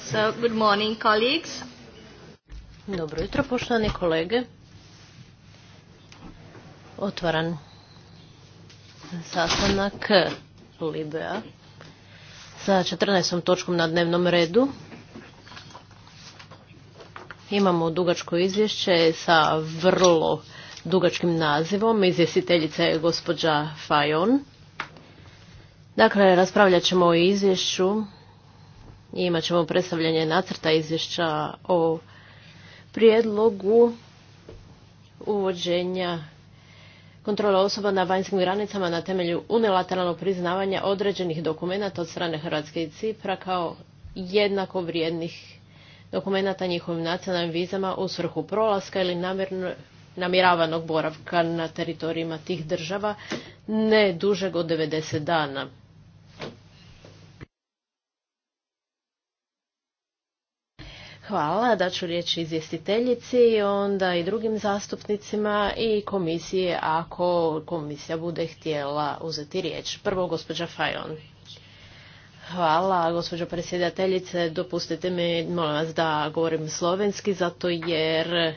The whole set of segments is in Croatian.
So, good morning, colleagues. Dobro jutro, poštovani kolege. Otvaran sastanak Libea sa 14. točkom na dnevnom redu. Imamo dugačko izvješće sa vrlo dugačkim nazivom. Izvjestiteljica je gospođa Fajon. Dakle, raspravljat ćemo o izvješću i imat ćemo predstavljanje nacrta izvješća o prijedlogu uvođenja kontrola osoba na vanjskim granicama na temelju unilateralnog priznavanja određenih dokumenata od strane Hrvatske i Cipra kao jednako vrijednih dokumenata njihovim nacionalnim vizama u svrhu prolaska ili namjerno namjeravanog boravka na teritorijima tih država ne dužeg od 90 dana. Hvala, da ću riječ izvjestiteljici, onda i drugim zastupnicima i komisije ako komisija bude htjela uzeti riječ. Prvo gospođa Fajon. Hvala, gospođo predsjedateljice. Dopustite mi, molim vas, da govorim slovenski, zato jer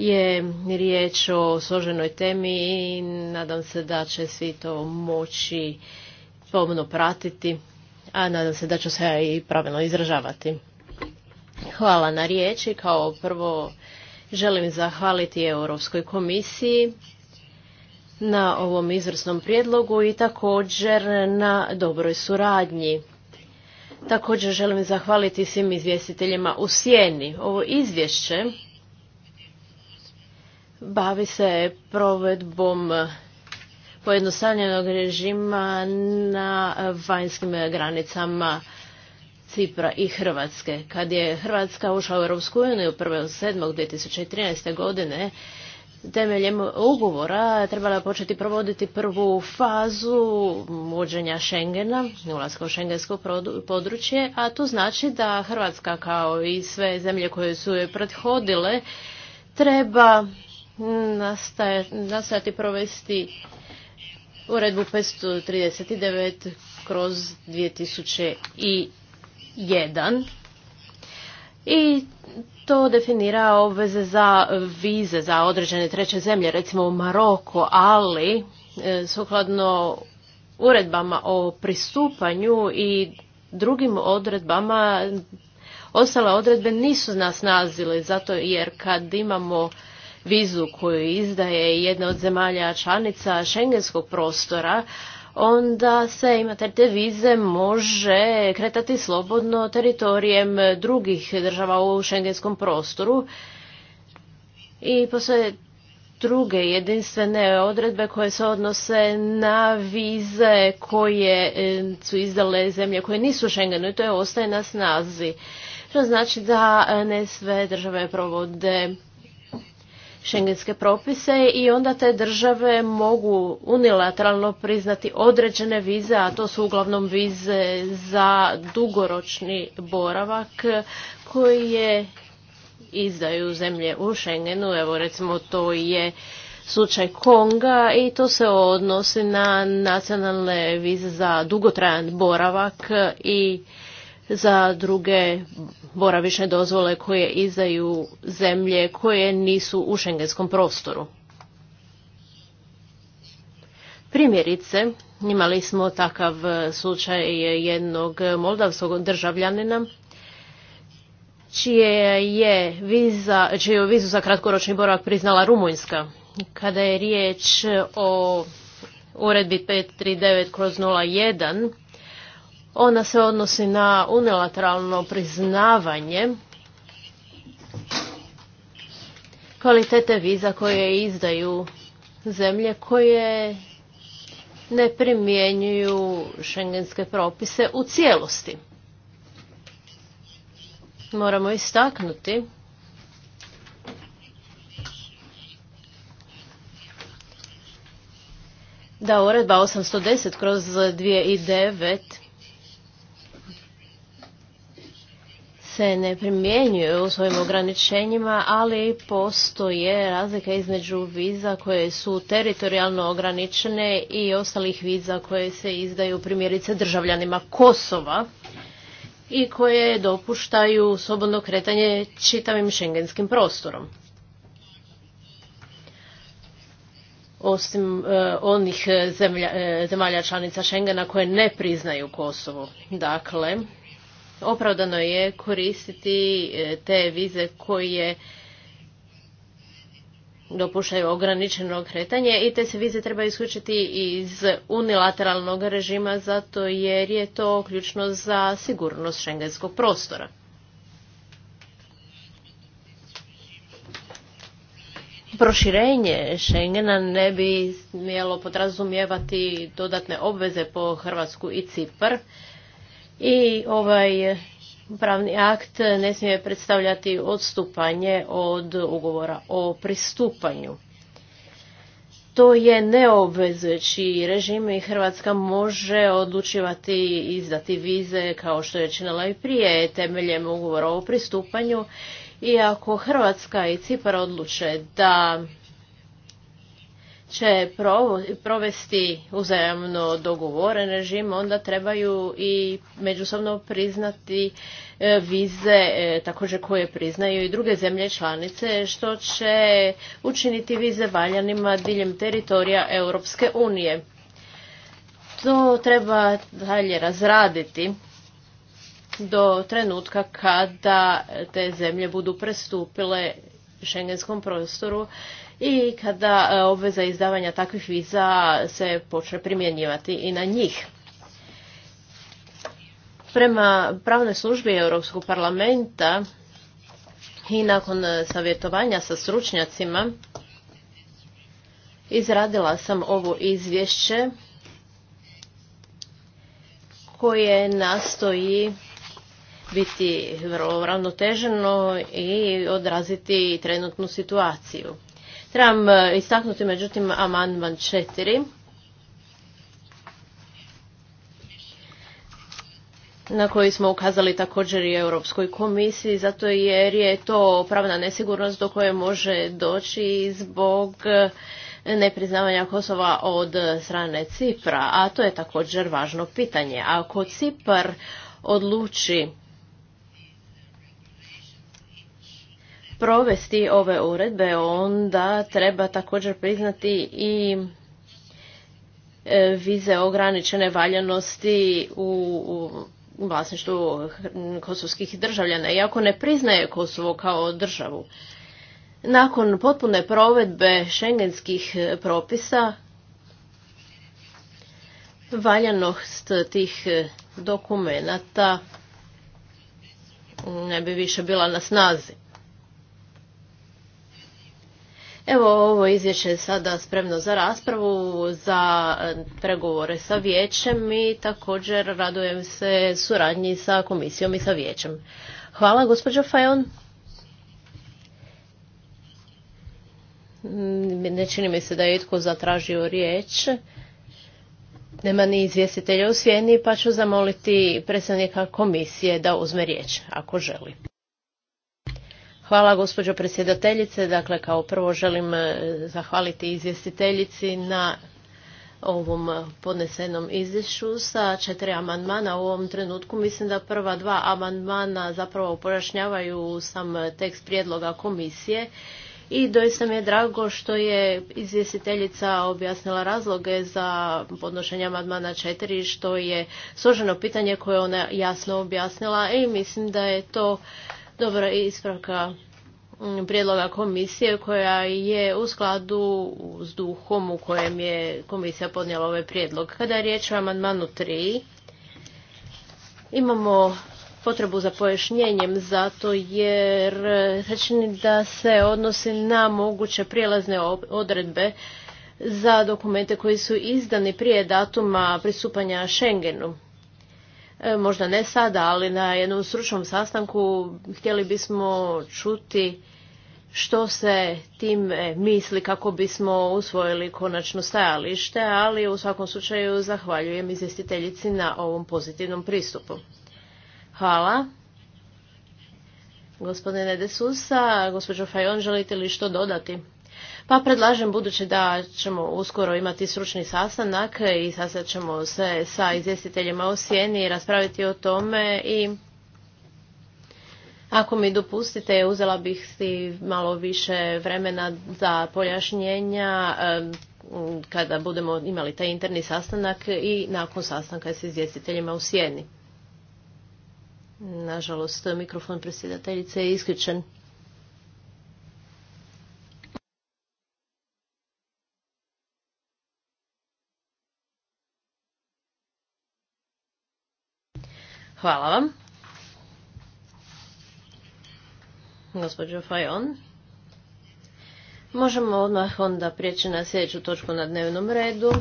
je riječ o složenoj temi i nadam se da će svi to moći pomno pratiti, a nadam se da ću se i pravilno izražavati. Hvala na riječi. Kao prvo želim zahvaliti Europskoj komisiji na ovom izvrsnom prijedlogu i također na dobroj suradnji. Također želim zahvaliti svim izvjestiteljima u sjeni. Ovo izvješće bavi se provedbom pojednostavljenog režima na vanjskim granicama Cipra i Hrvatske. Kad je Hrvatska ušla u Europsku uniju 1.7.2013. godine, temeljem ugovora trebala početi provoditi prvu fazu uđenja Schengena, ulaska u šengensko područje, a to znači da Hrvatska kao i sve zemlje koje su joj prethodile treba nastojati provesti uredbu 539 kroz 2001 i to definira obveze za vize za određene treće zemlje, recimo u Maroko, ali e, sukladno uredbama o pristupanju i drugim odredbama ostale odredbe nisu nas nazile zato jer kad imamo vizu koju izdaje jedna od zemalja članica šengenskog prostora, onda se imate te vize može kretati slobodno teritorijem drugih država u šengenskom prostoru i postoje druge jedinstvene odredbe koje se odnose na vize koje e, su izdale zemlje koje nisu Schengenu i to je ostaje na snazi. Što znači da e, ne sve države provode šengenske propise i onda te države mogu unilateralno priznati određene vize, a to su uglavnom vize za dugoročni boravak je izdaju zemlje u Schengenu. Evo recimo to je slučaj Konga i to se odnosi na nacionalne vize za dugotrajan boravak i za druge boravišne dozvole koje izdaju zemlje koje nisu u šengenskom prostoru. Primjerice, imali smo takav slučaj jednog moldavskog državljanina čije je viza, čiju vizu za kratkoročni boravak priznala Rumunjska. Kada je riječ o uredbi 539 kroz 01, ona se odnosi na unilateralno priznavanje kvalitete viza koje izdaju zemlje koje ne primjenjuju šengenske propise u cijelosti. Moramo istaknuti da uredba 810 kroz 2009 se ne primjenjuju u svojim ograničenjima, ali postoje razlika između viza koje su teritorijalno ograničene i ostalih viza koje se izdaju primjerice državljanima Kosova i koje dopuštaju slobodno kretanje čitavim šengenskim prostorom. osim e, onih e, e, zemalja članica Schengena koje ne priznaju Kosovo. Dakle, opravdano je koristiti e, te vize koje dopuštaju ograničeno kretanje i te se vize treba isključiti iz unilateralnog režima zato jer je to ključno za sigurnost šengenskog prostora. Proširenje Schengena ne bi smjelo podrazumijevati dodatne obveze po Hrvatsku i Cipar i ovaj pravni akt ne smije predstavljati odstupanje od ugovora o pristupanju. To je neobvezujući režim i Hrvatska može odlučivati izdati vize kao što je činala i prije temeljem ugovora o pristupanju i ako Hrvatska i Cipar odluče da će provesti uzajamno dogovoren režim, onda trebaju i međusobno priznati e, vize e, također koje priznaju i druge zemlje članice, što će učiniti vize valjanima diljem teritorija Europske unije. To treba dalje razraditi do trenutka kada te zemlje budu prestupile šengenskom prostoru i kada e, obveza izdavanja takvih viza se počne primjenjivati i na njih. Prema pravnoj službi Europskog parlamenta i nakon savjetovanja sa stručnjacima izradila sam ovo izvješće koje nastoji biti vrlo ravnoteženo i odraziti trenutnu situaciju. Trebam e, istaknuti međutim amandman četiri na koji smo ukazali također i Europskoj komisiji, zato jer je to pravna nesigurnost do koje može doći zbog e, nepriznavanja Kosova od strane Cipra, a to je također važno pitanje. Ako Cipar odluči provesti ove uredbe, onda treba također priznati i e, vize ograničene valjanosti u vlasništvu kosovskih državljana, iako ne priznaje Kosovo kao državu. Nakon potpune provedbe šengenskih propisa, valjanost tih dokumenata ne bi više bila na snazi. Evo, ovo izvješće je sada spremno za raspravu, za e, pregovore sa vijećem i također radujem se suradnji sa komisijom i sa vijećem. Hvala, gospođo Fajon. Mm, ne čini mi se da je itko zatražio riječ. Nema ni izvjestitelja u sjeni, pa ću zamoliti predstavnika komisije da uzme riječ, ako želi. Hvala gospođo predsjedateljice. Dakle, kao prvo želim e, zahvaliti izvjestiteljici na ovom podnesenom izvješću sa četiri amandmana. U ovom trenutku mislim da prva dva amandmana zapravo pojašnjavaju sam tekst prijedloga komisije i doista mi je drago što je izvjestiteljica objasnila razloge za podnošenje amandmana četiri, što je složeno pitanje koje ona jasno objasnila i mislim da je to dobra ispravka mm, prijedloga komisije koja je u skladu s duhom u kojem je komisija podnijela ovaj prijedlog. Kada je riječ o amandmanu 3, imamo potrebu za pojašnjenjem zato jer se čini da se odnosi na moguće prijelazne odredbe za dokumente koji su izdani prije datuma pristupanja Schengenu. E, možda ne sada, ali na jednom stručnom sastanku htjeli bismo čuti što se tim e, misli kako bismo usvojili konačno stajalište, ali u svakom slučaju zahvaljujem izvjestiteljici na ovom pozitivnom pristupu. Hvala. Gospodine Desusa, gospođo Fajon, želite li što dodati? Pa predlažem budući da ćemo uskoro imati sručni sastanak i sastat ćemo se sa izvjestiteljima o sjeni i raspraviti o tome i ako mi dopustite, uzela bih si malo više vremena za pojašnjenja kada budemo imali taj interni sastanak i nakon sastanka s izvjestiteljima u sjeni. Nažalost, mikrofon predsjedateljice je isključen. Hvala vam. Gospođo Fajon. Možemo odmah onda prijeći na sljedeću točku na dnevnom redu.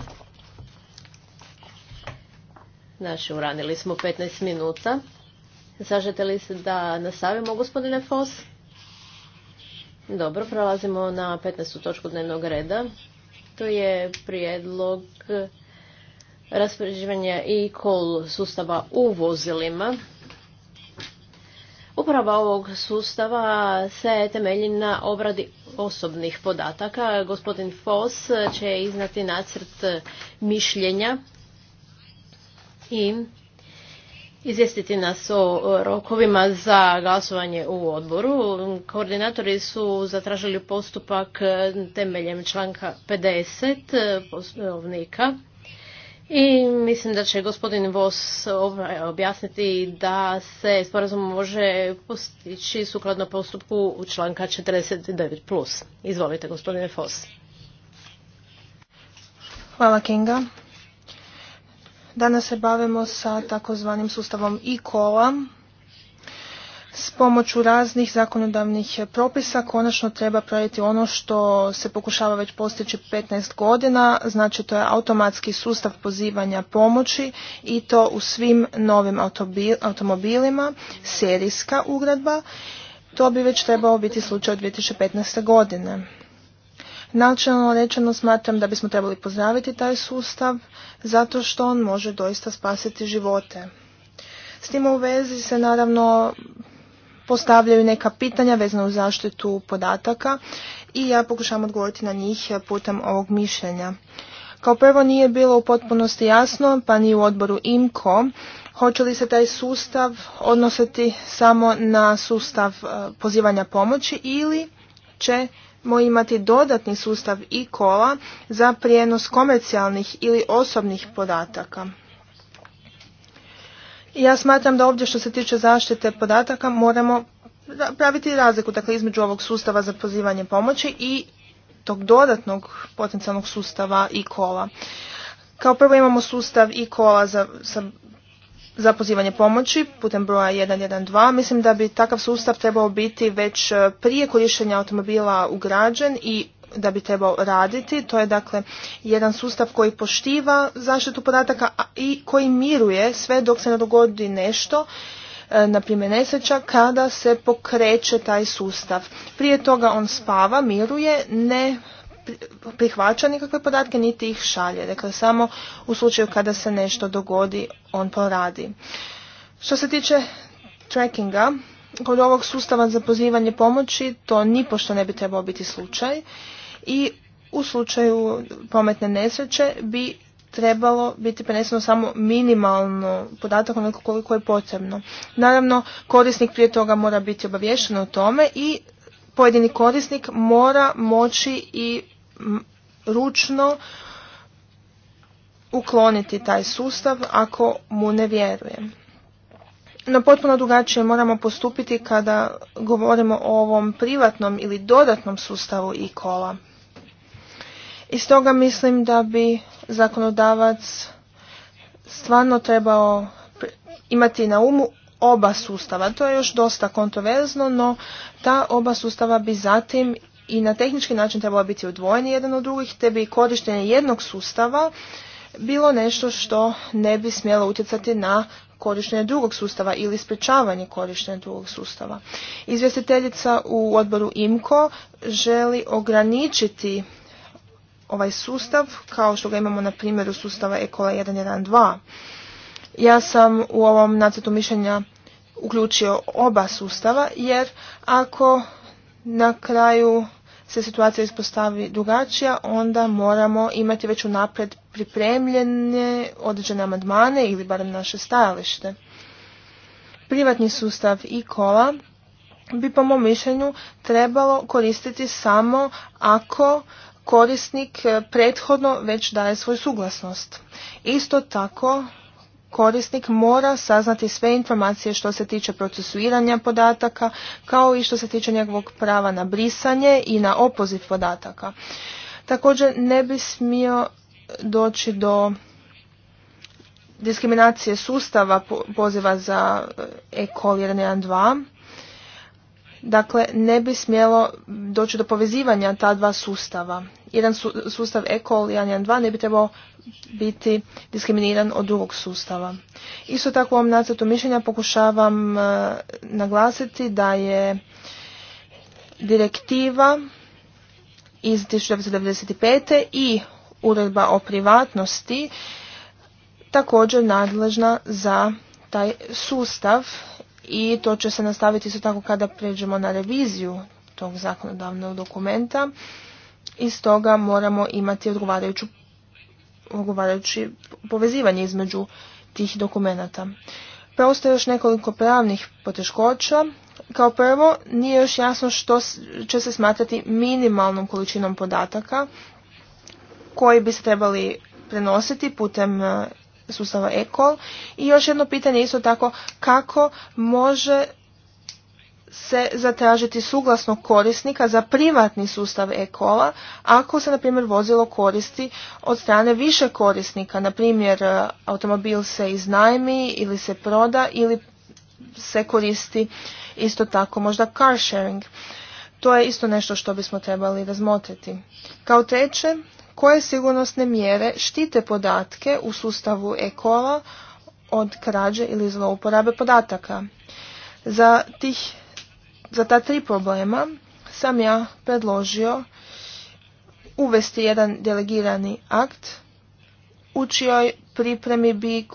Znači, uranili smo 15 minuta. Sažete li se da nastavimo, gospodine Fos? Dobro, prelazimo na 15. točku dnevnog reda. To je prijedlog raspoređivanja i kol sustava u vozilima. Uprava ovog sustava se temelji na obradi osobnih podataka. Gospodin Foss će iznati nacrt mišljenja i izvijestiti nas o rokovima za glasovanje u odboru. Koordinatori su zatražili postupak temeljem članka 50 poslovnika i mislim da će gospodin Vos ovaj, objasniti da se sporazum može postići sukladno postupku u članka 49+. Izvolite gospodine Vos. Hvala Kinga. Danas se bavimo sa takozvanim sustavom e s pomoću raznih zakonodavnih propisa konačno treba praviti ono što se pokušava već postići 15 godina, znači to je automatski sustav pozivanja pomoći i to u svim novim automobilima, serijska ugradba, to bi već trebao biti slučaj od 2015. godine. Načelno rečeno smatram da bismo trebali pozdraviti taj sustav zato što on može doista spasiti živote. S tim u vezi se naravno postavljaju neka pitanja vezano u zaštitu podataka i ja pokušavam odgovoriti na njih putem ovog mišljenja. Kao prvo nije bilo u potpunosti jasno, pa ni u odboru IMCO, hoće li se taj sustav odnositi samo na sustav e, pozivanja pomoći ili ćemo imati dodatni sustav i kola za prijenos komercijalnih ili osobnih podataka. Ja smatram da ovdje što se tiče zaštite podataka moramo praviti razliku dakle, između ovog sustava za pozivanje pomoći i tog dodatnog potencijalnog sustava i kola. Kao prvo imamo sustav i kola za, za pozivanje pomoći putem broja 112. Mislim da bi takav sustav trebao biti već e, prije korištenja automobila ugrađen i da bi trebao raditi. To je dakle jedan sustav koji poštiva zaštitu podataka i koji miruje sve dok se ne dogodi nešto e, na primjer nesreća kada se pokreće taj sustav. Prije toga on spava, miruje, ne prihvaća nikakve podatke niti ih šalje. Dakle, samo u slučaju kada se nešto dogodi on poradi Što se tiče trackinga, kod ovog sustava za pozivanje pomoći to nipošto ne bi trebao biti slučaj i u slučaju prometne nesreće bi trebalo biti preneseno samo minimalno podatak onoliko koliko je potrebno. Naravno, korisnik prije toga mora biti obavješten o tome i pojedini korisnik mora moći i ručno ukloniti taj sustav ako mu ne vjeruje. No potpuno drugačije moramo postupiti kada govorimo o ovom privatnom ili dodatnom sustavu i kola. I stoga mislim da bi zakonodavac stvarno trebao imati na umu oba sustava. To je još dosta kontroverzno, no ta oba sustava bi zatim i na tehnički način trebala biti odvojeni jedan od drugih, te bi korištenje jednog sustava bilo nešto što ne bi smjelo utjecati na korištenje drugog sustava ili sprečavanje korištenja drugog sustava. Izvjestiteljica u odboru IMCO želi ograničiti ovaj sustav, kao što ga imamo na primjeru sustava Ekola 112. Ja sam u ovom nacrtu mišljenja uključio oba sustava, jer ako na kraju se situacija ispostavi drugačija, onda moramo imati već unaprijed pripremljene određene amandmane ili barem naše stajalište. Privatni sustav i kola bi po mom mišljenju trebalo koristiti samo ako korisnik e, prethodno već daje svoju suglasnost. Isto tako, korisnik mora saznati sve informacije što se tiče procesuiranja podataka, kao i što se tiče njegovog prava na brisanje i na opoziv podataka. Također ne bi smio doći do diskriminacije sustava poziva za e-call e-, 112 Dakle, ne bi smjelo doći do povezivanja ta dva sustava. Jedan su, sustav ECOL i 112 ne bi trebao biti diskriminiran od drugog sustava. Isto tako u ovom nacrtu mišljenja pokušavam e, naglasiti da je direktiva iz 1995. i uredba o privatnosti također nadležna za taj sustav i to će se nastaviti isto tako kada pređemo na reviziju tog zakonodavnog dokumenta i stoga moramo imati odgovarajuću odgovarajući povezivanje između tih dokumenata. Preostaje još nekoliko pravnih poteškoća. Kao prvo, nije još jasno što će se smatrati minimalnom količinom podataka koji bi se trebali prenositi putem sustava ECOL. I još jedno pitanje isto tako kako može se zatražiti suglasno korisnika za privatni sustav ekola ako se na primjer vozilo koristi od strane više korisnika, na primjer automobil se iznajmi ili se proda ili se koristi isto tako možda car sharing. To je isto nešto što bismo trebali razmotriti. Kao treće, koje sigurnosne mjere štite podatke u sustavu ECOLA od krađe ili zlouporabe podataka. Za, tih, za ta tri problema sam ja predložio uvesti jedan delegirani akt u čijoj pripremi bi,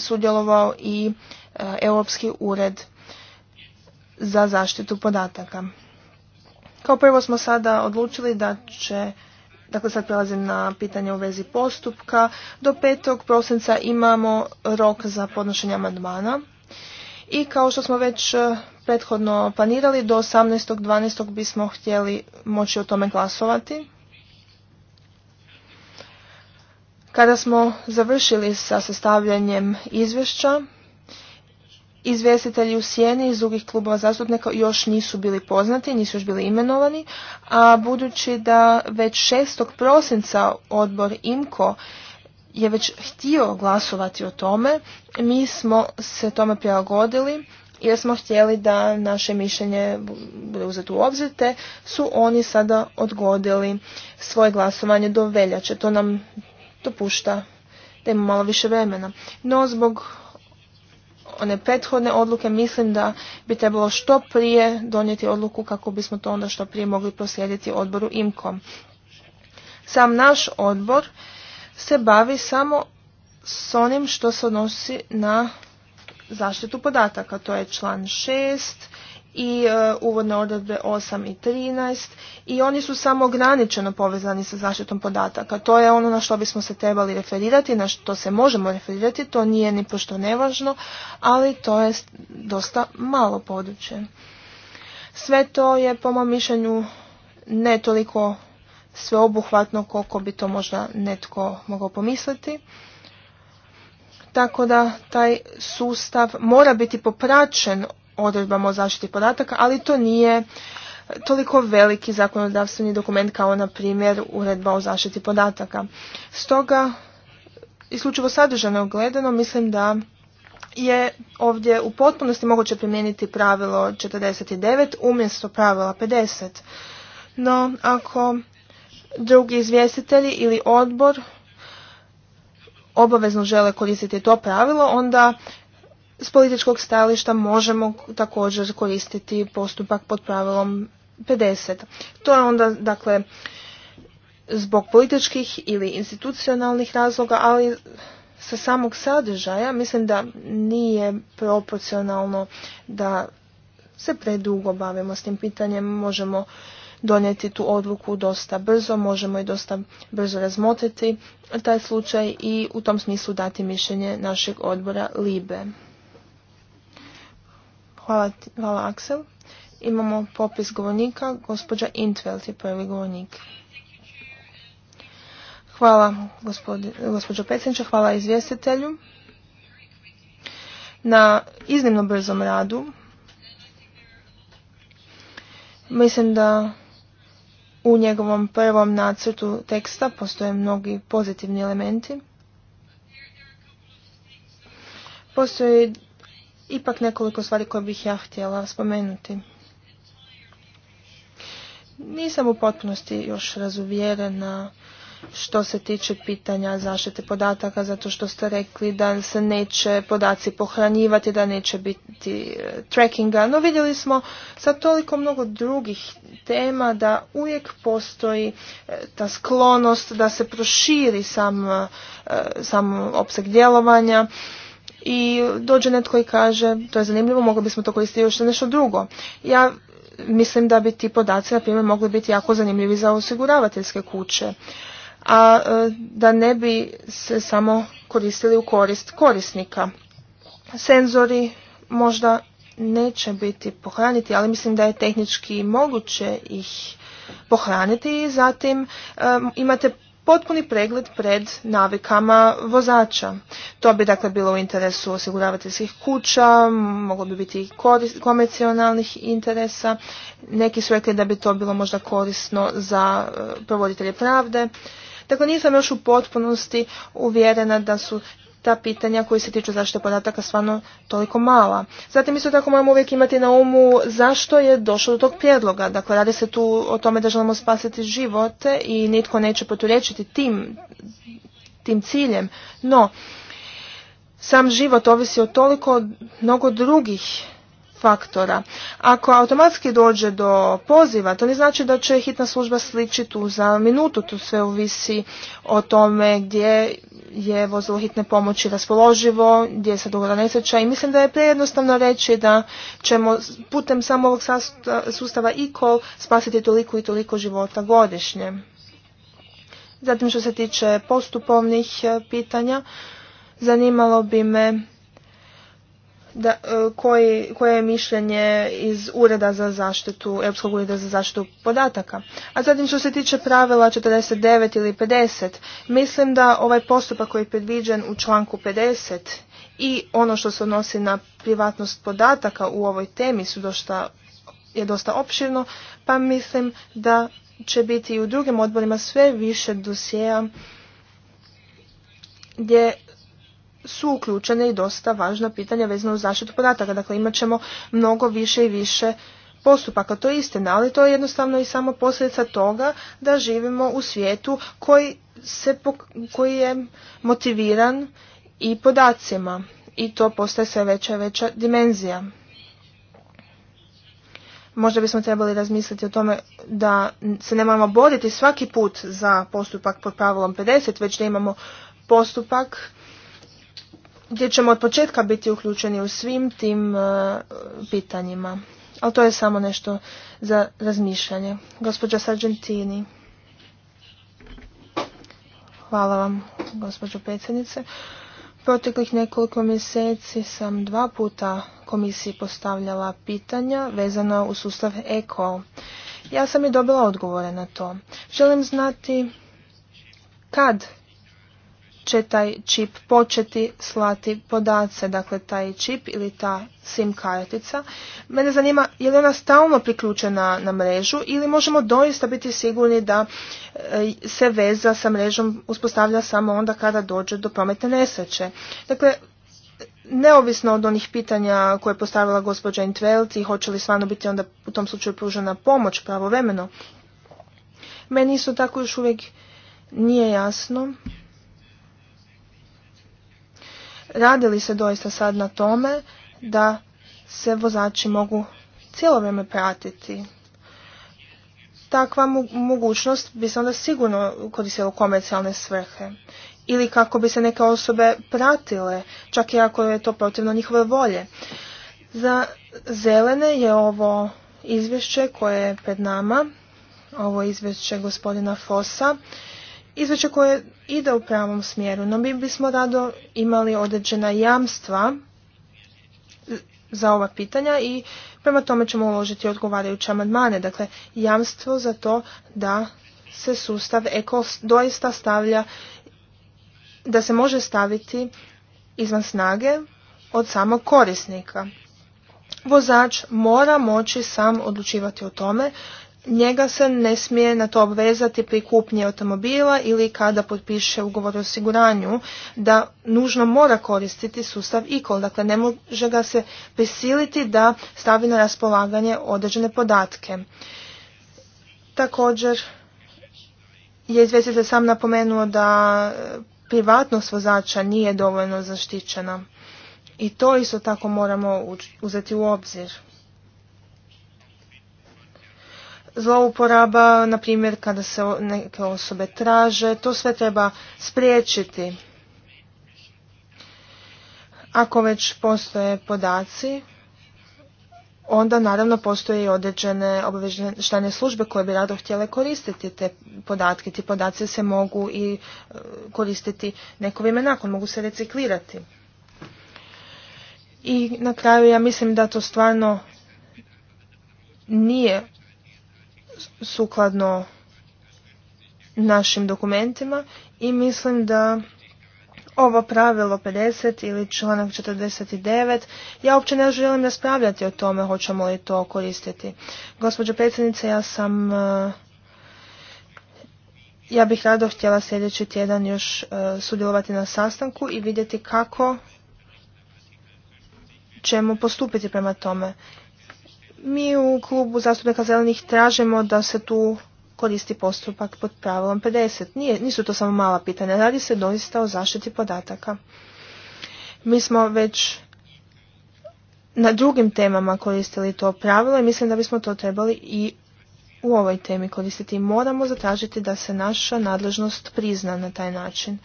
sudjelovao i e, Europski ured za zaštitu podataka. Kao prvo smo sada odlučili da će Dakle, sad prelazim na pitanje u vezi postupka. Do 5. prosinca imamo rok za podnošenje amandmana. I kao što smo već e, prethodno planirali, do 18.12. bismo htjeli moći o tome glasovati. Kada smo završili sa sastavljanjem izvješća, izvjestitelji u sjeni iz drugih klubova zastupnika još nisu bili poznati, nisu još bili imenovani, a budući da već 6. prosinca odbor IMKO je već htio glasovati o tome, mi smo se tome prilagodili jer smo htjeli da naše mišljenje bude uzeti u obzir, te su oni sada odgodili svoje glasovanje do veljače. To nam dopušta da imamo malo više vremena. No, zbog one prethodne odluke, mislim da bi trebalo što prije donijeti odluku kako bismo to onda što prije mogli proslijediti odboru IMKOM. Sam naš odbor se bavi samo s onim što se odnosi na zaštitu podataka. To je član šest i e, uvodne odredbe 8 i 13 i oni su samo ograničeno povezani sa zaštitom podataka. To je ono na što bismo se trebali referirati, na što se možemo referirati, to nije ni pošto nevažno, ali to je dosta malo područje. Sve to je po mom mišljenju ne toliko sveobuhvatno koliko bi to možda netko mogao pomisliti tako da taj sustav mora biti popraćen odredbama o zaštiti podataka, ali to nije toliko veliki zakonodavstveni dokument kao na primjer uredba o zaštiti podataka. Stoga, isključivo sadržano gledano, mislim da je ovdje u potpunosti moguće primijeniti pravilo 49 umjesto pravila 50. No, ako drugi izvjestitelji ili odbor obavezno žele koristiti to pravilo, onda s političkog stajališta možemo također koristiti postupak pod pravilom 50. To je onda, dakle, zbog političkih ili institucionalnih razloga, ali sa samog sadržaja mislim da nije proporcionalno da se predugo bavimo s tim pitanjem. Možemo donijeti tu odluku dosta brzo, možemo i dosta brzo razmotriti taj slučaj i u tom smislu dati mišljenje našeg odbora LIBE. Hvala, Aksel. Imamo popis govornika. Gospođa Intveld je prvi govornik. Hvala gospođo predsjedniče, hvala izvjestitelju na iznimno brzom radu. Mislim da u njegovom prvom nacrtu teksta postoje mnogi pozitivni elementi. Postoji ipak nekoliko stvari koje bih ja htjela spomenuti. Nisam u potpunosti još razuvjerena što se tiče pitanja zaštite podataka, zato što ste rekli da se neće podaci pohranjivati, da neće biti e, trackinga, no vidjeli smo sa toliko mnogo drugih tema da uvijek postoji e, ta sklonost da se proširi sam, e, sam opseg djelovanja i dođe netko i kaže, to je zanimljivo, mogli bismo to koristiti još nešto drugo. Ja mislim da bi ti podaci, na primjer, mogli biti jako zanimljivi za osiguravateljske kuće, a e, da ne bi se samo koristili u korist korisnika. Senzori možda neće biti pohraniti, ali mislim da je tehnički moguće ih pohraniti i zatim e, imate potpuni pregled pred navikama vozača. To bi dakle bilo u interesu osiguravateljskih kuća, moglo bi biti i komercionalnih interesa. Neki su rekli da bi to bilo možda korisno za e, provoditelje pravde. Dakle, nisam još u potpunosti uvjerena da su ta pitanja koji se tiču zaštite podataka stvarno toliko mala. Zatim isto tako moramo uvijek imati na umu zašto je došlo do tog prijedloga. Dakle, radi se tu o tome da želimo spasiti živote i nitko neće poturečiti tim, tim ciljem. No, sam život ovisi o toliko mnogo drugih faktora. Ako automatski dođe do poziva, to ne znači da će hitna služba sličiti tu za minutu, tu sve ovisi o tome gdje je vozilo hitne pomoći raspoloživo, gdje se dogodila nesreća i mislim da je prejednostavno reći da ćemo putem samo ovog sustava e spasiti toliko i toliko života godišnje. Zatim što se tiče postupovnih eh, pitanja, zanimalo bi me E, koje je mišljenje iz ureda za zaštitu, Europskog ureda za zaštitu podataka. A zatim što se tiče pravila 49 ili 50, mislim da ovaj postupak koji je predviđen u članku 50 i ono što se odnosi na privatnost podataka u ovoj temi su dosta, je dosta opširno, pa mislim da će biti i u drugim odborima sve više dosjeja gdje su uključene i dosta važna pitanja vezano uz zaštitu podataka. Dakle, imat ćemo mnogo više i više postupaka. To je istina, ali to je jednostavno i samo posljedica toga da živimo u svijetu koji, se, koji je motiviran i podacima. I to postaje sve veća i veća dimenzija. Možda bismo trebali razmisliti o tome da se ne moramo boriti svaki put za postupak pod pravilom 50, već da imamo postupak gdje ćemo od početka biti uključeni u svim tim e, pitanjima. Ali to je samo nešto za razmišljanje. Gospođa Sargentini. Hvala vam, gospođo predsjednice. Proteklih nekoliko mjeseci sam dva puta komisiji postavljala pitanja vezana u sustav ECO. Ja sam i dobila odgovore na to. Želim znati kad će taj čip početi slati podace, dakle taj čip ili ta SIM kartica. Mene zanima je li ona stalno priključena na mrežu ili možemo doista biti sigurni da e, se veza sa mrežom uspostavlja samo onda kada dođe do prometne nesreće. Dakle, neovisno od onih pitanja koje je postavila gospođa intvelt i hoće li stvarno biti onda u tom slučaju pružena pomoć pravovremeno, meni isto tako još uvijek nije jasno radili se doista sad na tome da se vozači mogu cijelo vrijeme pratiti. Takva mogućnost bi se onda sigurno koristila u komercijalne svrhe. Ili kako bi se neke osobe pratile, čak i ako je to protivno njihove volje. Za zelene je ovo izvješće koje je pred nama, ovo izvješće gospodina Fosa izveće koje ide u pravom smjeru, no mi bismo rado imali određena jamstva za ova pitanja i prema tome ćemo uložiti odgovarajuće amandmane. Dakle, jamstvo za to da se sustav eko doista stavlja, da se može staviti izvan snage od samog korisnika. Vozač mora moći sam odlučivati o tome njega se ne smije na to obvezati pri kupnji automobila ili kada potpiše ugovor o osiguranju da nužno mora koristiti sustav ICOL. Dakle, ne može ga se prisiliti da stavi na raspolaganje određene podatke. Također je izvjestitelj sam napomenuo da privatnost vozača nije dovoljno zaštićena. I to isto tako moramo uzeti u obzir. zlouporaba, na primjer kada se neke osobe traže, to sve treba spriječiti. Ako već postoje podaci, onda naravno postoje i određene obavještajne službe koje bi rado htjele koristiti te podatke. Ti podaci se mogu i e, koristiti neko vrijeme nakon, mogu se reciklirati. I na kraju ja mislim da to stvarno nije sukladno našim dokumentima i mislim da ovo pravilo 50 ili članak 49, ja uopće ne želim raspravljati o tome hoćemo li to koristiti. Gospođo predsjednice, ja sam, e, ja bih rado htjela sljedeći tjedan još e, sudjelovati na sastanku i vidjeti kako ćemo postupiti prema tome. Mi u klubu zastupnika zelenih tražimo da se tu koristi postupak pod pravilom 50. Nije, nisu to samo mala pitanja, radi se doista o zaštiti podataka. Mi smo već na drugim temama koristili to pravilo i mislim da bismo to trebali i u ovoj temi koristiti. Moramo zatražiti da se naša nadležnost prizna na taj način.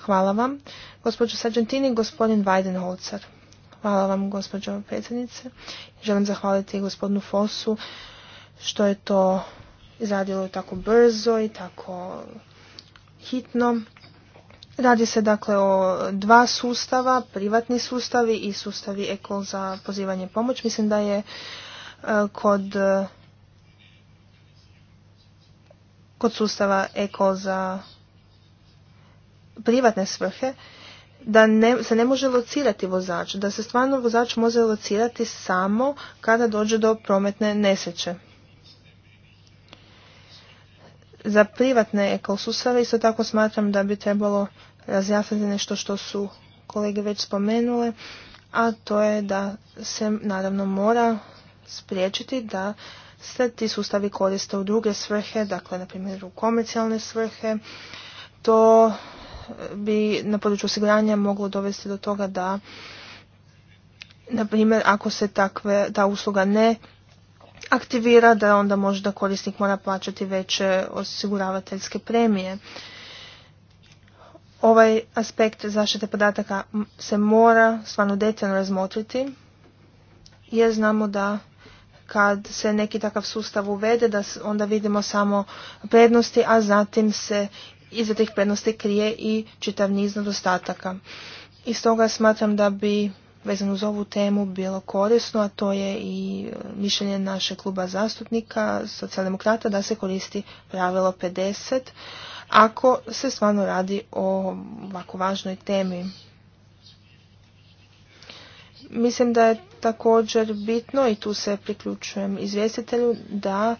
Hvala vam. Gospođo Sargentini, gospodin Weidenholzer. Hvala vam gospođo predsjednice. Želim zahvaliti gospodinu Fosu što je to izradilo tako brzo i tako hitno. Radi se dakle o dva sustava, privatni sustavi i sustavi eko za pozivanje pomoć. Mislim da je e, kod e, kod sustava eko za privatne svrhe da ne, se ne može locirati vozač, da se stvarno vozač može locirati samo kada dođe do prometne nesreće. Za privatne ekosustave isto tako smatram da bi trebalo razjasniti nešto što su kolege već spomenule, a to je da se naravno mora spriječiti da se ti sustavi koriste u druge svrhe, dakle na primjer u komercijalne svrhe. To bi na području osiguranja moglo dovesti do toga da, na primjer, ako se takve, ta usluga ne aktivira, da onda možda korisnik mora plaćati veće osiguravateljske premije. Ovaj aspekt zaštite podataka se mora stvarno detaljno razmotriti, jer znamo da kad se neki takav sustav uvede da onda vidimo samo prednosti, a zatim se za tih prednosti krije i čitav niz nedostataka. I stoga smatram da bi vezano uz ovu temu bilo korisno, a to je i e, mišljenje našeg kluba zastupnika, socijaldemokrata, da se koristi pravilo 50, ako se stvarno radi o ovako važnoj temi. Mislim da je također bitno, i tu se priključujem izvjestitelju, da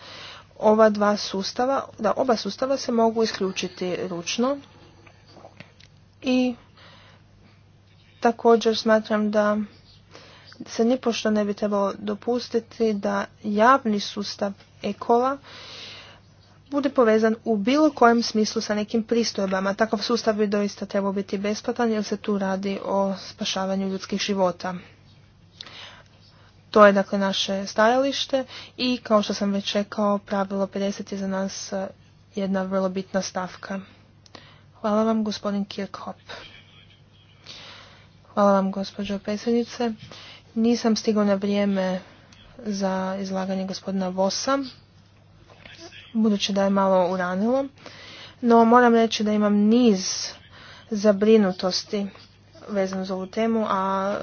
ova dva sustava, da oba sustava se mogu isključiti ručno i također smatram da se nipošto ne bi trebalo dopustiti da javni sustav ekola bude povezan u bilo kojem smislu sa nekim pristojbama. Takav sustav bi doista trebao biti besplatan jer se tu radi o spašavanju ljudskih života. To je dakle naše stajalište i kao što sam već rekao, pravilo 50 je za nas e, jedna vrlo bitna stavka. Hvala vam gospodin Kirkhop. Hvala vam gospođo predsjednice. Nisam stigao na vrijeme za izlaganje gospodina Vosa, budući da je malo uranilo, no moram reći da imam niz zabrinutosti vezano za ovu temu, a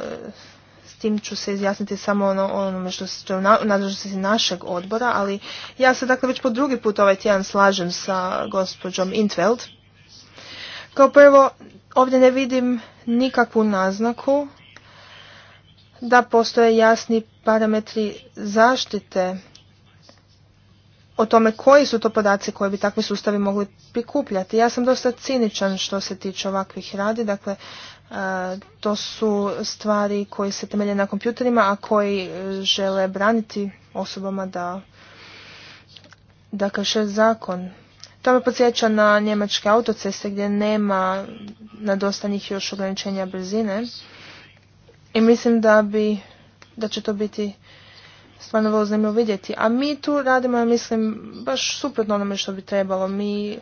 tim ću se izjasniti samo ono, onome što se nadležnosti našeg odbora, ali ja se dakle već po drugi put ovaj tjedan slažem sa gospođom Intveld. Kao prvo, ovdje ne vidim nikakvu naznaku da postoje jasni parametri zaštite o tome koji su to podaci koje bi takvi sustavi mogli prikupljati. Ja sam dosta ciničan što se tiče ovakvih radi, dakle to su stvari koji se temelje na kompjuterima, a koji e, žele braniti osobama da, da krše zakon. To me podsjeća na njemačke autoceste gdje nema na dosta njih još ograničenja brzine i mislim da bi da će to biti stvarno vrlo zanimljivo vidjeti. A mi tu radimo, ja mislim, baš suprotno onome što bi trebalo. Mi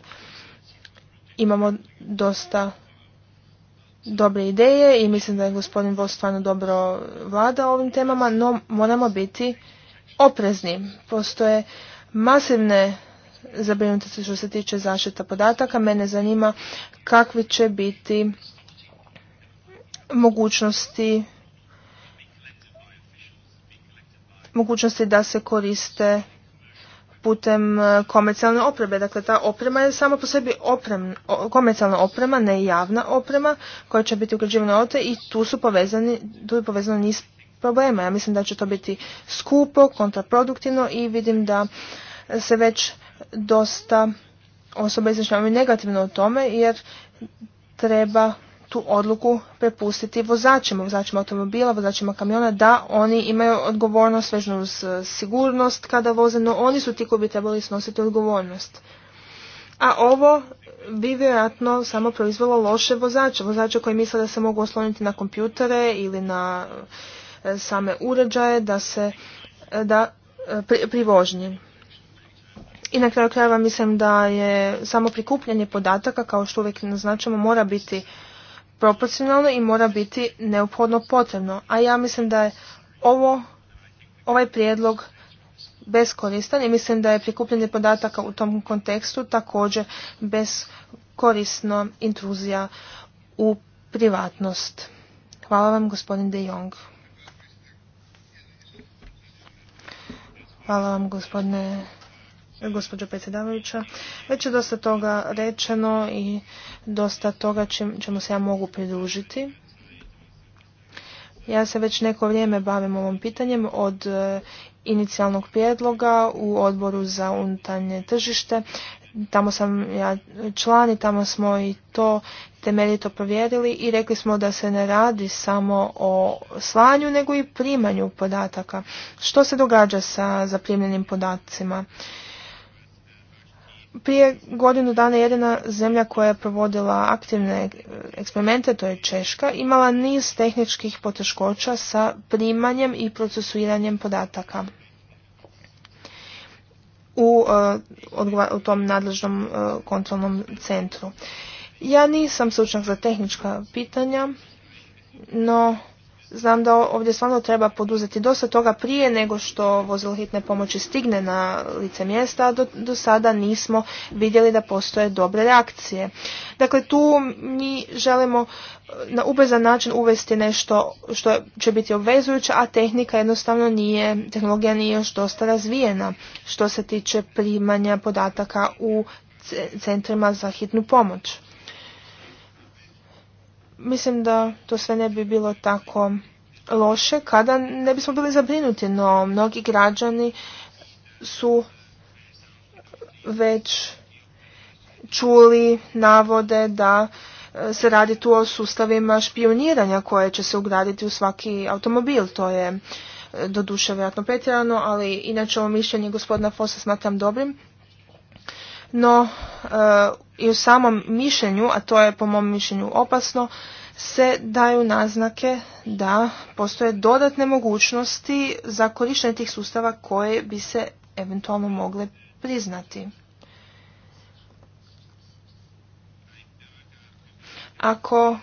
imamo dosta dobre ideje i mislim da je gospodin Vos stvarno dobro vlada ovim temama, no moramo biti oprezni. Postoje masivne zabrinutosti što se tiče zaštita podataka. Mene zanima kakvi će biti mogućnosti mogućnosti da se koriste putem e, komercijalne opreme. Dakle, ta oprema je samo po sebi komercijalna oprema, ne javna oprema koja će biti ugrađivana ote i tu su povezani, tu je povezano niz problema. Ja mislim da će to biti skupo, kontraproduktivno i vidim da se već dosta osoba i negativno o tome jer treba tu odluku prepustiti vozačima, vozačima automobila, vozačima kamiona, da oni imaju odgovornost vežno uz e, sigurnost kada voze, no oni su ti koji bi trebali snositi odgovornost. A ovo bi vjerojatno samo proizvelo loše vozače, vozače koji misle da se mogu osloniti na kompjutere ili na e, same uređaje da se e, da pri, vožnji. I na kraju krajeva mislim da je samo prikupljanje podataka, kao što uvijek naznačamo, mora biti proporcionalno i mora biti neophodno potrebno. A ja mislim da je ovo, ovaj prijedlog beskoristan i mislim da je prikupljanje podataka u tom kontekstu također beskorisno intruzija u privatnost. Hvala vam gospodin De Jong. Hvala vam gospodine E, gospođo predsjedavajuća. Već je dosta toga rečeno i dosta toga ćemo čemu se ja mogu pridružiti. Ja se već neko vrijeme bavim ovom pitanjem od e, inicijalnog prijedloga u odboru za unutarnje tržište. Tamo sam ja član i tamo smo i to temeljito provjerili i rekli smo da se ne radi samo o slanju nego i primanju podataka. Što se događa sa zaprimljenim podacima? Prije godinu dana jedina zemlja koja je provodila aktivne e, eksperimente, to je Češka, imala niz tehničkih poteškoća sa primanjem i procesuiranjem podataka u, e, tom nadležnom e, kontrolnom centru. Ja nisam stručnjak za tehnička pitanja, no Znam da ovdje stvarno treba poduzeti dosta toga prije nego što vozilo hitne pomoći stigne na lice mjesta, a do, sada nismo vidjeli da postoje dobre reakcije. Dakle, tu mi želimo e, na ubezan način uvesti nešto što će biti obvezujuće, a tehnika jednostavno nije, tehnologija nije još dosta razvijena što se tiče primanja podataka u centrima za hitnu pomoć. Mislim da to sve ne bi bilo tako loše kada ne bismo bili zabrinuti, no mnogi građani su već čuli navode da e, se radi tu o sustavima špioniranja koje će se ugraditi u svaki automobil. To je e, doduše vjerojatno petirano, ali inače ovo mišljenje gospodina Fosa smatram dobrim no eh, i u samom mišljenju, a to je po mom mišljenju opasno, se daju naznake da postoje dodatne mogućnosti za korištenje tih sustava koje bi se eventualno mogle priznati. Ako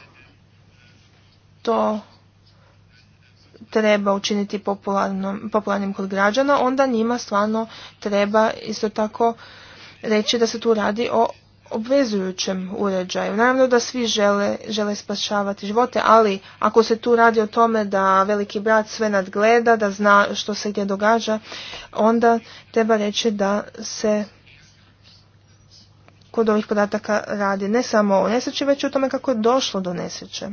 to treba učiniti popularnim kod građana, onda njima stvarno treba isto tako reći da se tu radi o obvezujućem uređaju. Naravno da svi žele, žele spašavati živote, ali ako se tu radi o tome da veliki brat sve nadgleda, da zna što se gdje događa, onda treba reći da se kod ovih podataka radi ne samo o nesreći, već o tome kako je došlo do nesreće.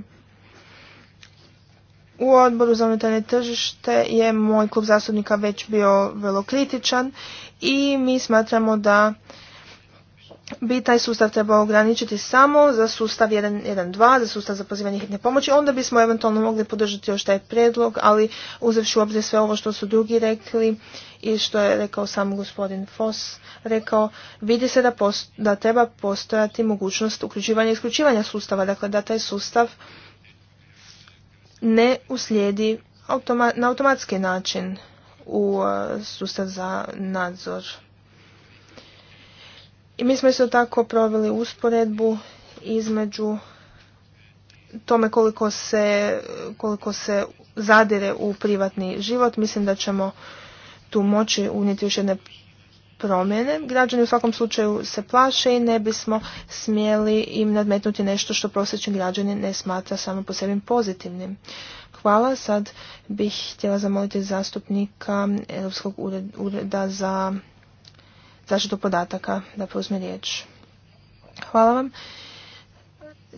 U odboru za unutarnje tržište je moj klub zastupnika već bio vrlo kritičan i mi smatramo da bi taj sustav trebao ograničiti samo za sustav 1.1.2, za sustav za pozivanje hitne pomoći, onda bismo eventualno mogli podržati još taj predlog, ali uzevši u obzir sve ovo što su drugi rekli i što je rekao sam gospodin Foss, rekao, vidi se da, treba postojati mogućnost uključivanja i isključivanja sustava, dakle da taj sustav ne uslijedi na automatski način u e, sustav za nadzor. I mi smo isto tako proveli usporedbu između tome koliko se, koliko se zadire u privatni život. Mislim da ćemo tu moći unijeti još jedne promjene. Građani u svakom slučaju se plaše i ne bismo smjeli im nadmetnuti nešto što prosječni građani ne smatra samo po sebi pozitivnim. Hvala. Sad bih htjela zamoliti zastupnika Europskog ureda za zaštitu podataka da preuzme riječ. Hvala vam.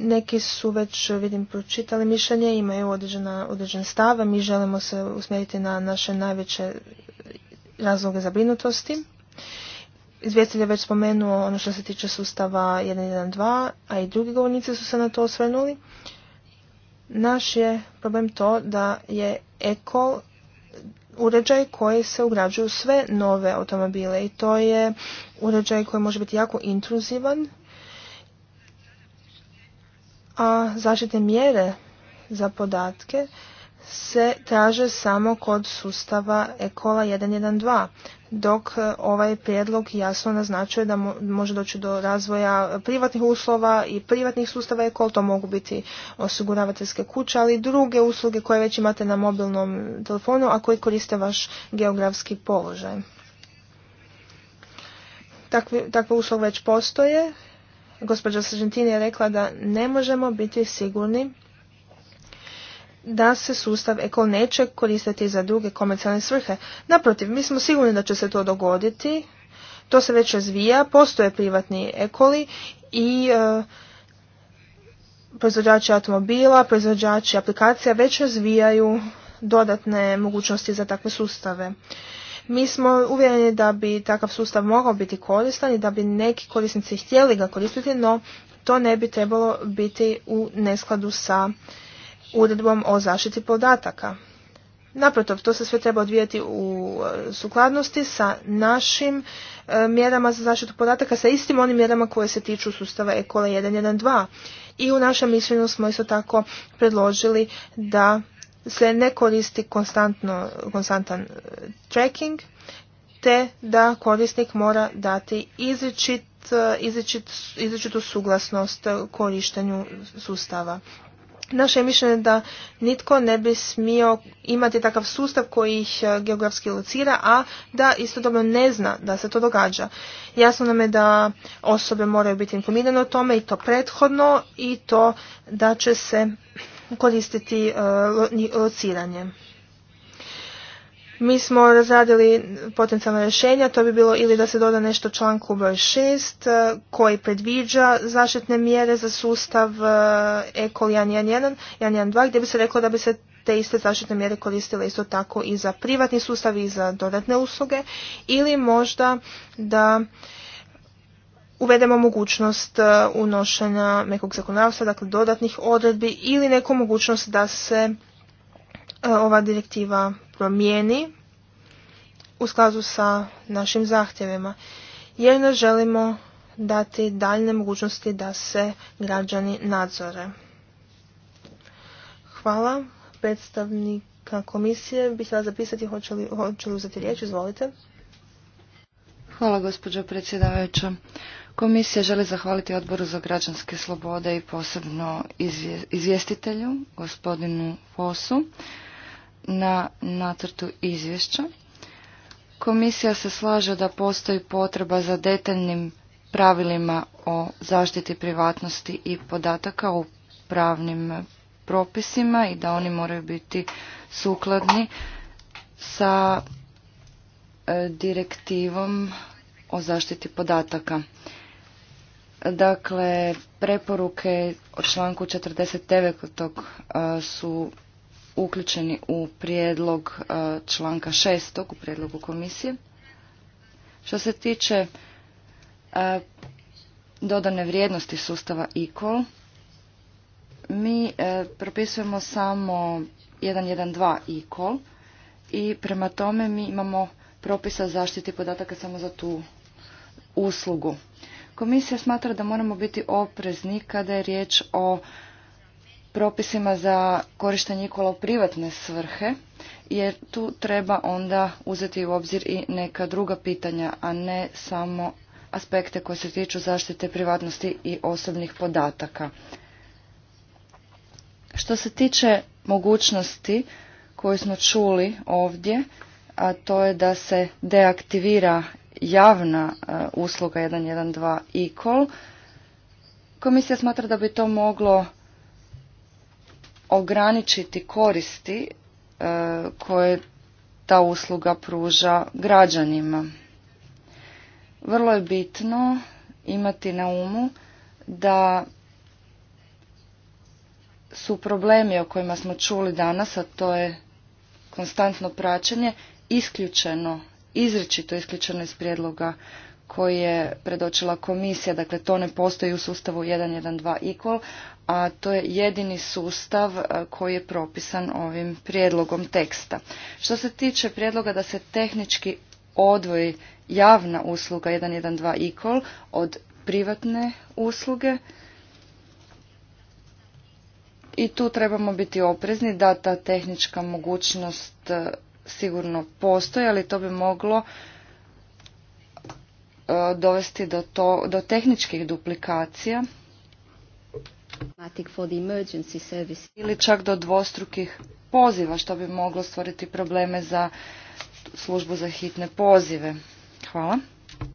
Neki su već, vidim, pročitali mišljenje, imaju određena, određen stav, mi želimo se usmjeriti na naše najveće razloge zabrinutosti. Izvjestitelj je već spomenuo ono što se tiče sustava 112, a i drugi govornici su se na to osvrnuli. Naš je problem to da je eko uređaj koji se ugrađuju sve nove automobile i to je uređaj koji može biti jako intruzivan, a zaštite mjere za podatke se traže samo kod sustava ECOLA 112 dok e, ovaj prijedlog jasno naznačuje da može doći do razvoja privatnih uslova i privatnih sustava koliko to mogu biti osiguravateljske kuće, ali i druge usluge koje već imate na mobilnom telefonu, a koje koriste vaš geografski položaj. Takve, takve usluge već postoje. Gospođa Sargentini je rekla da ne možemo biti sigurni da se sustav eko neće koristiti za druge komercijalne svrhe. Naprotiv, mi smo sigurni da će se to dogoditi. To se već razvija, postoje privatni ekoli i e, proizvođači automobila, proizvođači aplikacija već razvijaju dodatne mogućnosti za takve sustave. Mi smo uvjereni da bi takav sustav mogao biti koristan i da bi neki korisnici htjeli ga koristiti, no to ne bi trebalo biti u neskladu sa uredbom o zaštiti podataka. Naprotiv, to se sve treba odvijati u e, sukladnosti sa našim e, mjerama za zaštitu podataka, sa istim onim mjerama koje se tiču sustava ECOLE 112. I u našem mišljenju smo isto tako predložili da se ne koristi konstantno, konstantan e, tracking, te da korisnik mora dati izričit, izričit, izričitu suglasnost korištenju sustava Naše je mišljenje da nitko ne bi smio imati takav sustav koji ih e, geografski locira, a da istodobno ne zna da se to događa. Jasno nam je da osobe moraju biti informirane o tome i to prethodno i to da će se koristiti e, lociranje. Mi smo razradili potencijalna rješenja, to bi bilo ili da se doda nešto članku broj 6 eh, koji predviđa zaštitne mjere za sustav ECOL 111, 112 gdje bi se reklo da bi se te iste zaštitne mjere koristile isto tako i za privatni sustav i za dodatne usluge ili možda da uvedemo mogućnost eh, unošenja nekog zakonavstva, dakle dodatnih odredbi ili neku mogućnost da se E, ova direktiva promijeni u skladu sa našim zahtjevima jer želimo dati daljne mogućnosti da se građani nadzore. Hvala. Predstavnika komisije bih htjela zapisati hoće li, hoće uzeti riječ. Izvolite. Hvala gospođo predsjedavajuća. Komisija želi zahvaliti odboru za građanske slobode i posebno izvjestitelju, gospodinu Fosu, na nacrtu izvješća. Komisija se slaže da postoji potreba za detaljnim pravilima o zaštiti privatnosti i podataka u pravnim propisima i da oni moraju biti sukladni sa e, direktivom o zaštiti podataka. Dakle, preporuke o članku 49. E, su uključeni u prijedlog e, članka šestog u prijedlogu komisije. Što se tiče e, dodane vrijednosti sustava ikol mi e, propisujemo samo 1.1.2 ICO i prema tome mi imamo propisa zaštiti podataka samo za tu uslugu. Komisija smatra da moramo biti oprezni kada je riječ o propisima za korištenje kola u privatne svrhe, jer tu treba onda uzeti u obzir i neka druga pitanja, a ne samo aspekte koje se tiču zaštite privatnosti i osobnih podataka. Što se tiče mogućnosti koju smo čuli ovdje, a to je da se deaktivira javna e, usluga 112 e-call, komisija smatra da bi to moglo ograničiti koristi e, koje ta usluga pruža građanima. Vrlo je bitno imati na umu da su problemi o kojima smo čuli danas, a to je konstantno praćenje, isključeno, izričito isključeno iz prijedloga koji je predočila komisija, dakle to ne postoji u sustavu 112 equal, a to je jedini sustav e, koji je propisan ovim prijedlogom teksta. Što se tiče prijedloga da se tehnički odvoji javna usluga 112 equal od privatne usluge, i tu trebamo biti oprezni da ta tehnička mogućnost e, sigurno postoji, ali to bi moglo dovesti do, to, do tehničkih duplikacija ili čak do dvostrukih poziva što bi moglo stvoriti probleme za službu za hitne pozive. Hvala.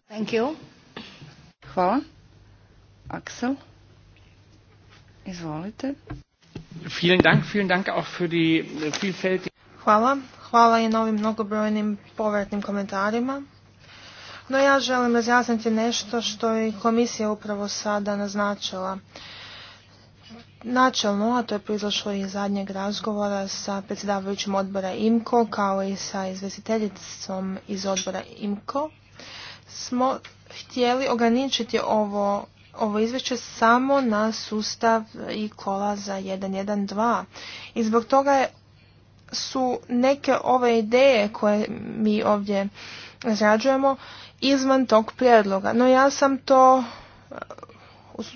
Thank you. Hvala. Axel, Izvolite. Vielen Dank, vielen Dank auch für die Hvala. Hvala i novim mnogobrojnim povratnim komentarima. No ja želim razjasniti nešto što je komisija upravo sada naznačila. Načelno, a to je proizašlo iz zadnjeg razgovora sa predsjedavajućim odbora IMCO, kao i sa izvjestiteljicom iz odbora IMCO. smo htjeli ograničiti ovo, ovo izvješće samo na sustav i kola za 1.1.2. I zbog toga su neke ove ideje koje mi ovdje razrađujemo izvan tog prijedloga. No ja sam to e,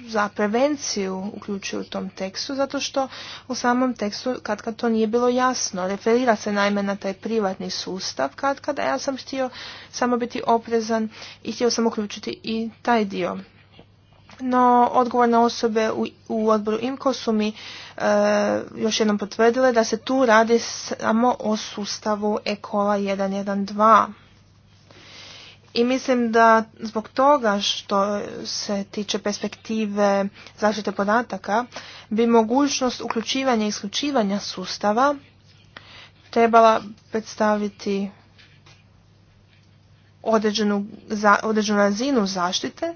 za prevenciju uključio u tom tekstu, zato što u samom tekstu kad kad to nije bilo jasno. Referira se naime na taj privatni sustav kad kada ja sam htio samo biti oprezan i htio sam uključiti i taj dio. No, odgovorne osobe u, odboru IMKO su mi e, još jednom potvrdile da se tu radi samo o sustavu ECOLA 112. I mislim da zbog toga što se tiče perspektive zaštite podataka bi mogućnost uključivanja i isključivanja sustava trebala predstaviti određenu, za, razinu zaštite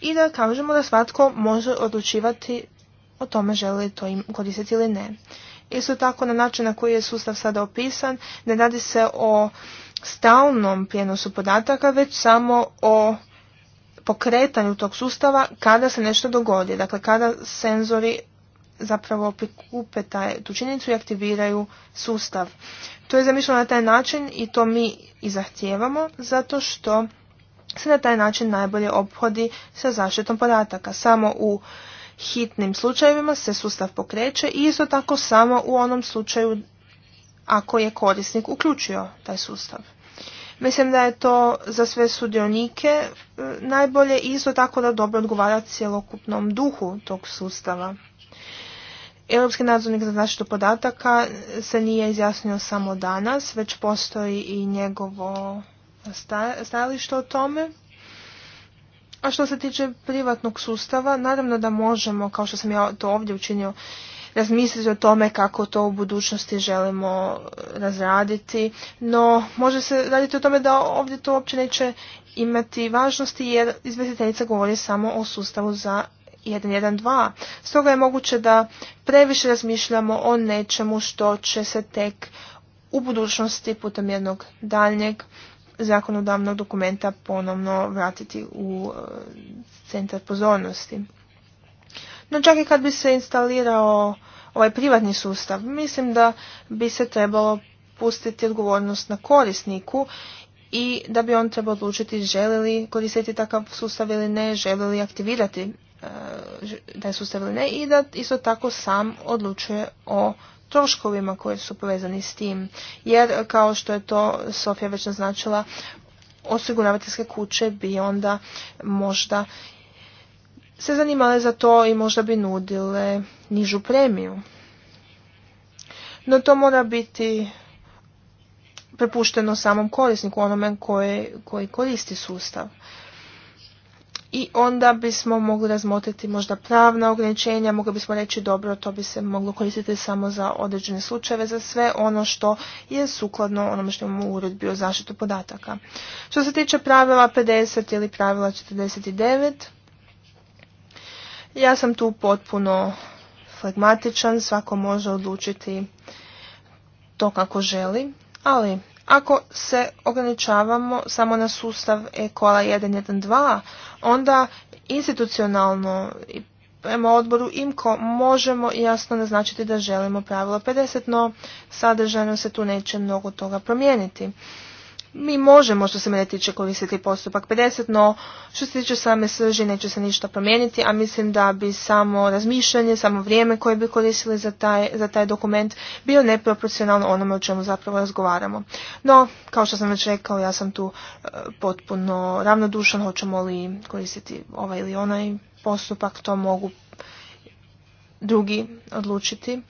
i da kažemo da svatko može odlučivati o tome želi li to im koristiti ili ne. Isto tako na način na koji je sustav sada opisan, ne radi se o stalnom prijenosu podataka, već samo o pokretanju tog sustava kada se nešto dogodi. Dakle, kada senzori zapravo prikupe taj, tu činjenicu i aktiviraju sustav. To je zamišljeno na taj način i to mi i zahtijevamo zato što se na taj način najbolje ophodi sa zaštitom podataka. Samo u hitnim slučajevima se sustav pokreće i isto tako samo u onom slučaju ako je korisnik uključio taj sustav. Mislim da je to za sve sudionike e, najbolje i isto tako da dobro odgovara cjelokupnom duhu tog sustava. Europski nadzornik za zaštitu podataka se nije izjasnio samo danas, već postoji i njegovo stajalište o tome. A što se tiče privatnog sustava, naravno da možemo, kao što sam ja to ovdje učinio, razmisliti o tome kako to u budućnosti želimo razraditi, no može se raditi o tome da ovdje to uopće neće imati važnosti jer izvjestiteljica govori samo o sustavu za 1.1.2. Stoga je moguće da previše razmišljamo o nečemu što će se tek u budućnosti putem jednog daljnjeg zakonodavnog dokumenta ponovno vratiti u e, centar pozornosti. No čak i kad bi se instalirao ovaj privatni sustav, mislim da bi se trebalo pustiti odgovornost na korisniku i da bi on trebao odlučiti želi li koristiti takav sustav ili ne, želi li aktivirati e, taj sustav ili ne i da isto tako sam odlučuje o troškovima koji su povezani s tim. Jer, kao što je to Sofija već naznačila, osiguravateljske kuće bi onda možda se zanimale za to i možda bi nudile nižu premiju. No to mora biti prepušteno samom korisniku, onome koji koristi sustav i onda bismo mogli razmotriti možda pravna ograničenja, mogli bismo reći dobro, to bi se moglo koristiti samo za određene slučajeve, za sve ono što je sukladno onome što imamo u uredbi o zaštitu podataka. Što se tiče pravila 50 ili pravila 49, ja sam tu potpuno flegmatičan, svako može odlučiti to kako želi, ali ako se ograničavamo samo na sustav e-kola 112, onda institucionalno i prema odboru IMKO možemo jasno naznačiti da želimo pravilo 50, no sadržajno se tu neće mnogo toga promijeniti mi možemo što se mene tiče koristiti postupak 50, no što se tiče same srži neće se ništa promijeniti, a mislim da bi samo razmišljanje, samo vrijeme koje bi koristili za taj, za taj dokument bio neproporcionalno onome o čemu zapravo razgovaramo. No, kao što sam već rekao, ja sam tu e, potpuno ravnodušan, hoćemo li koristiti ovaj ili onaj postupak, to mogu drugi odlučiti,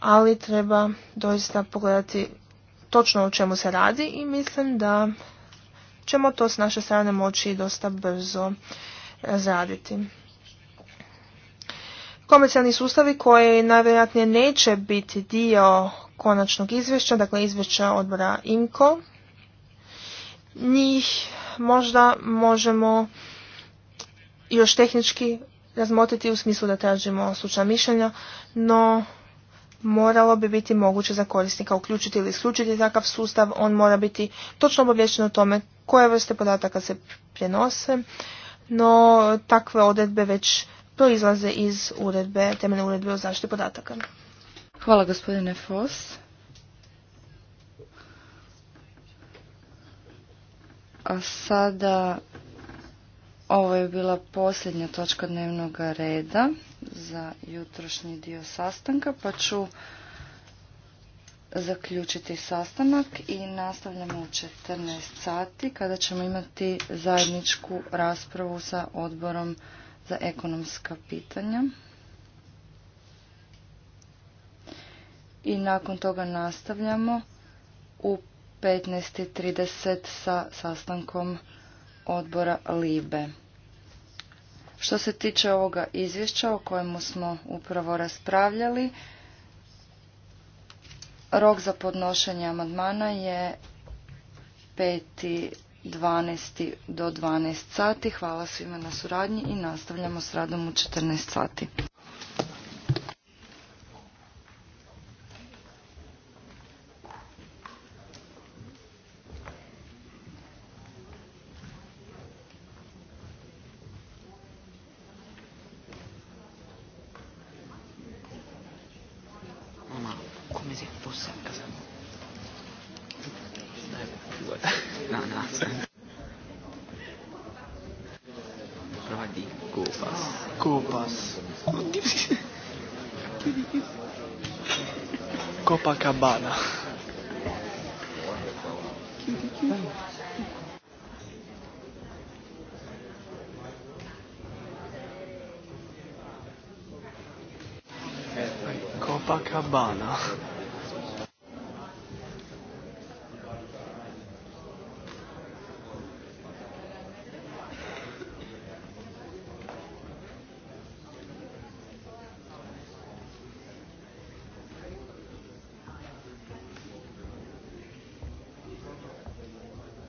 ali treba doista pogledati točno o čemu se radi i mislim da ćemo to s naše strane moći dosta brzo razraditi. Komercijalni sustavi koji najvjerojatnije neće biti dio konačnog izvješća, dakle izvješća odbora IMCO, njih možda možemo još tehnički razmotriti u smislu da tražimo slučaj mišljenja, no moralo bi biti moguće za korisnika uključiti ili isključiti takav sustav. On mora biti točno obavješten o tome koje vrste podataka se prenose, no takve odredbe već proizlaze iz uredbe, temeljne uredbe o zaštiti podataka. Hvala gospodine Fos. A sada ovo je bila posljednja točka dnevnog reda za jutrošnji dio sastanka, pa ću zaključiti sastanak i nastavljamo u 14 sati kada ćemo imati zajedničku raspravu sa odborom za ekonomska pitanja. I nakon toga nastavljamo u 15.30 sa sastankom odbora LIBE. Što se tiče ovoga izvješća o kojemu smo upravo raspravljali, rok za podnošenje amandmana je 5.12. do 12 sati. Hvala svima na suradnji i nastavljamo s radom u 14 sati. bana.